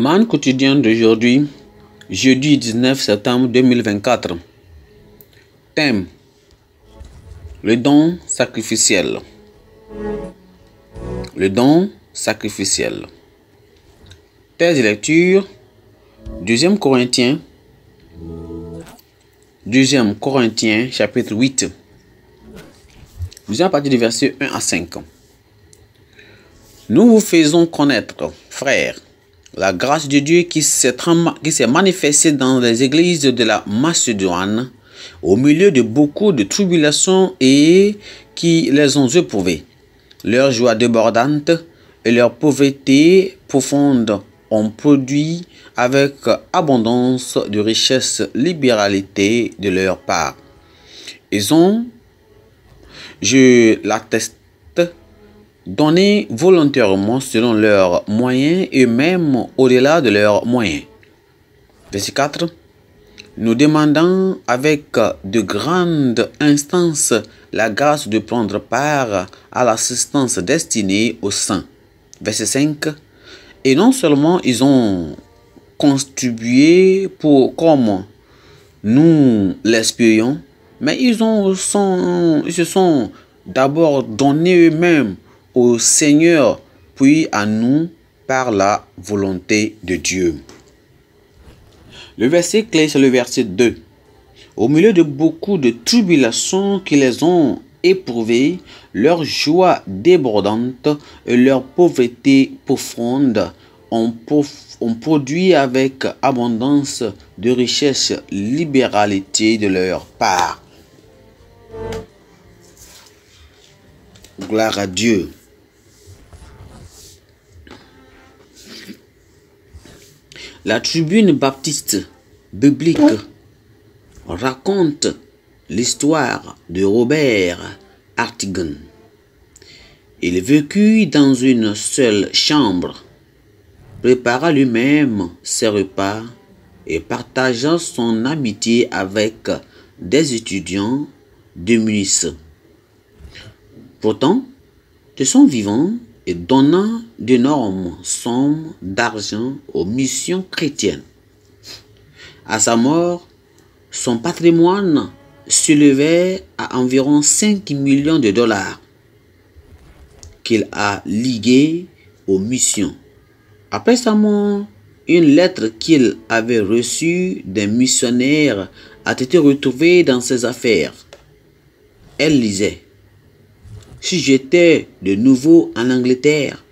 Man quotidien d'aujourd'hui, jeudi 19 septembre 2024. Thème Le don sacrificiel. Le don sacrificiel. Thèse de lecture 2 Corinthiens 2 Corinthiens chapitre 8. Nous allons partir du verset 1 à 5. Nous vous faisons connaître, frères, la grâce de Dieu qui s'est manifestée dans les églises de la Macédoine, au milieu de beaucoup de tribulations et qui les ont éprouvées. Leur joie débordante et leur pauvreté profonde ont produit avec abondance de richesse libéralité de leur part. Ils ont, je l'atteste, donner volontairement selon leurs moyens et même au-delà de leurs moyens. Verset 4. Nous demandons avec de grandes instances la grâce de prendre part à l'assistance destinée aux saints. Verset 5. Et non seulement ils ont contribué pour comme nous l'espérions, mais ils, ont, ils se sont d'abord donnés eux-mêmes au Seigneur, puis à nous par la volonté de Dieu. Le verset clé, c'est le verset 2. Au milieu de beaucoup de tribulations qui les ont éprouvées, leur joie débordante et leur pauvreté profonde ont, produit avec abondance de richesse, libéralité de leur part. Gloire à Dieu. La tribune baptiste biblique raconte l'histoire de Robert Artigan. Il vécut dans une seule chambre, prépara lui-même ses repas et partagea son amitié avec des étudiants de Munis. Pourtant, de son vivant, donnant d'énormes sommes d'argent aux missions chrétiennes. À sa mort, son patrimoine s'élevait à environ 5 millions de dollars qu'il a ligués aux missions. Après sa mort, une lettre qu'il avait reçue d'un missionnaire a été retrouvée dans ses affaires. Elle lisait si j'étais de nouveau en Angleterre,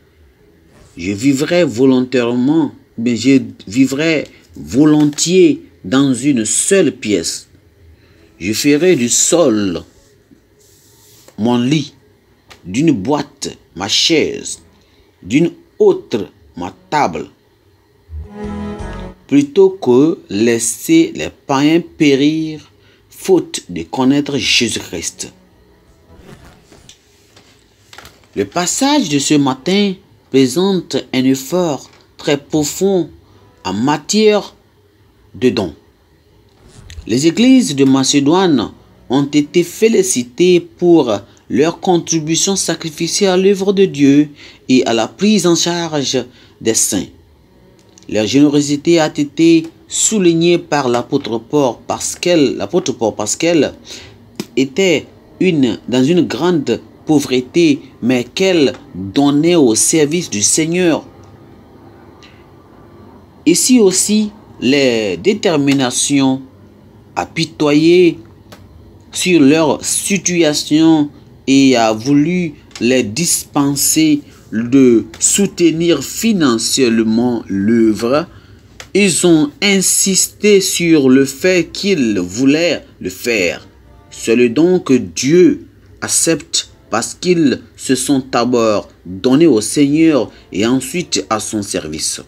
je vivrais volontairement, mais je vivrais volontiers dans une seule pièce. Je ferais du sol mon lit, d'une boîte ma chaise, d'une autre ma table, plutôt que laisser les païens périr faute de connaître Jésus-Christ. Le passage de ce matin présente un effort très profond en matière de dons. Les églises de Macédoine ont été félicitées pour leur contribution sacrifiée à l'œuvre de Dieu et à la prise en charge des saints. Leur générosité a été soulignée par l'apôtre Paul parce l'apôtre Paul parce était une, dans une grande pauvreté, mais qu'elle donnait au service du Seigneur. Ici aussi, les déterminations à pitoyé sur leur situation et a voulu les dispenser de soutenir financièrement l'œuvre. Ils ont insisté sur le fait qu'ils voulaient le faire. C'est le donc que Dieu accepte parce qu'ils se sont d'abord donnés au Seigneur et ensuite à son service.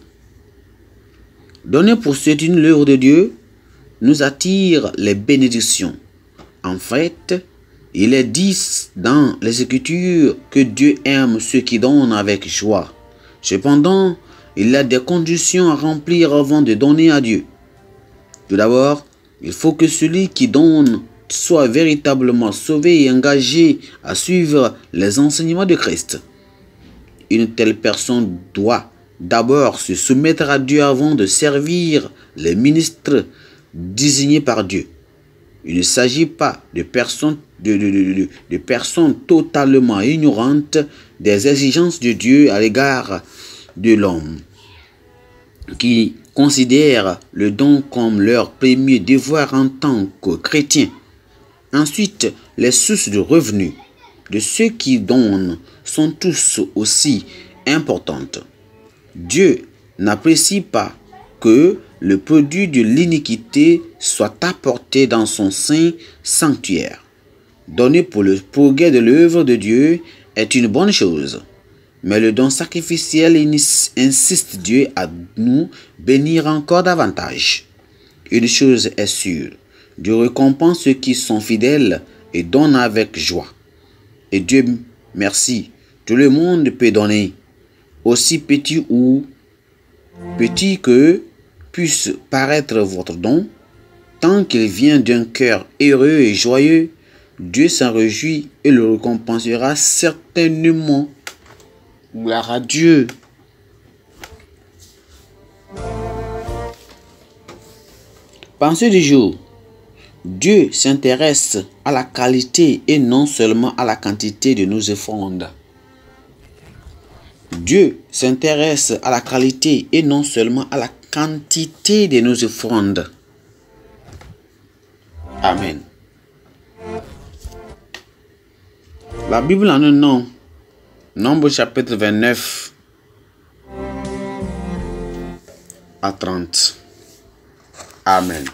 Donner pour une l'œuvre de Dieu nous attire les bénédictions. En fait, il est dit dans les Écritures que Dieu aime ceux qui donnent avec joie. Cependant, il a des conditions à remplir avant de donner à Dieu. Tout d'abord, il faut que celui qui donne soit véritablement sauvés et engagés à suivre les enseignements de Christ. Une telle personne doit d'abord se soumettre à Dieu avant de servir les ministres désignés par Dieu. Il ne s'agit pas de personnes, de, de, de, personnes totalement ignorantes des exigences de Dieu à l'égard de l'homme, qui considèrent le don comme leur premier devoir en tant que chrétien. Ensuite, les sources de revenus de ceux qui donnent sont tous aussi importantes. Dieu n'apprécie pas que le produit de l'iniquité soit apporté dans son saint sanctuaire. Donner pour le progrès de l'œuvre de Dieu est une bonne chose, mais le don sacrificiel insiste Dieu à nous bénir encore davantage. Une chose est sûre, Dieu récompense ceux qui sont fidèles et donne avec joie. Et Dieu merci, tout le monde peut donner, aussi petit ou petit que puisse paraître votre don, tant qu'il vient d'un cœur heureux et joyeux, Dieu s'en réjouit et le récompensera certainement. Gloire à Dieu. Pensez du jour. Dieu s'intéresse à la qualité et non seulement à la quantité de nos offrandes. Dieu s'intéresse à la qualité et non seulement à la quantité de nos offrandes. Amen. La Bible en un nom, Nombre chapitre 29 à 30. Amen.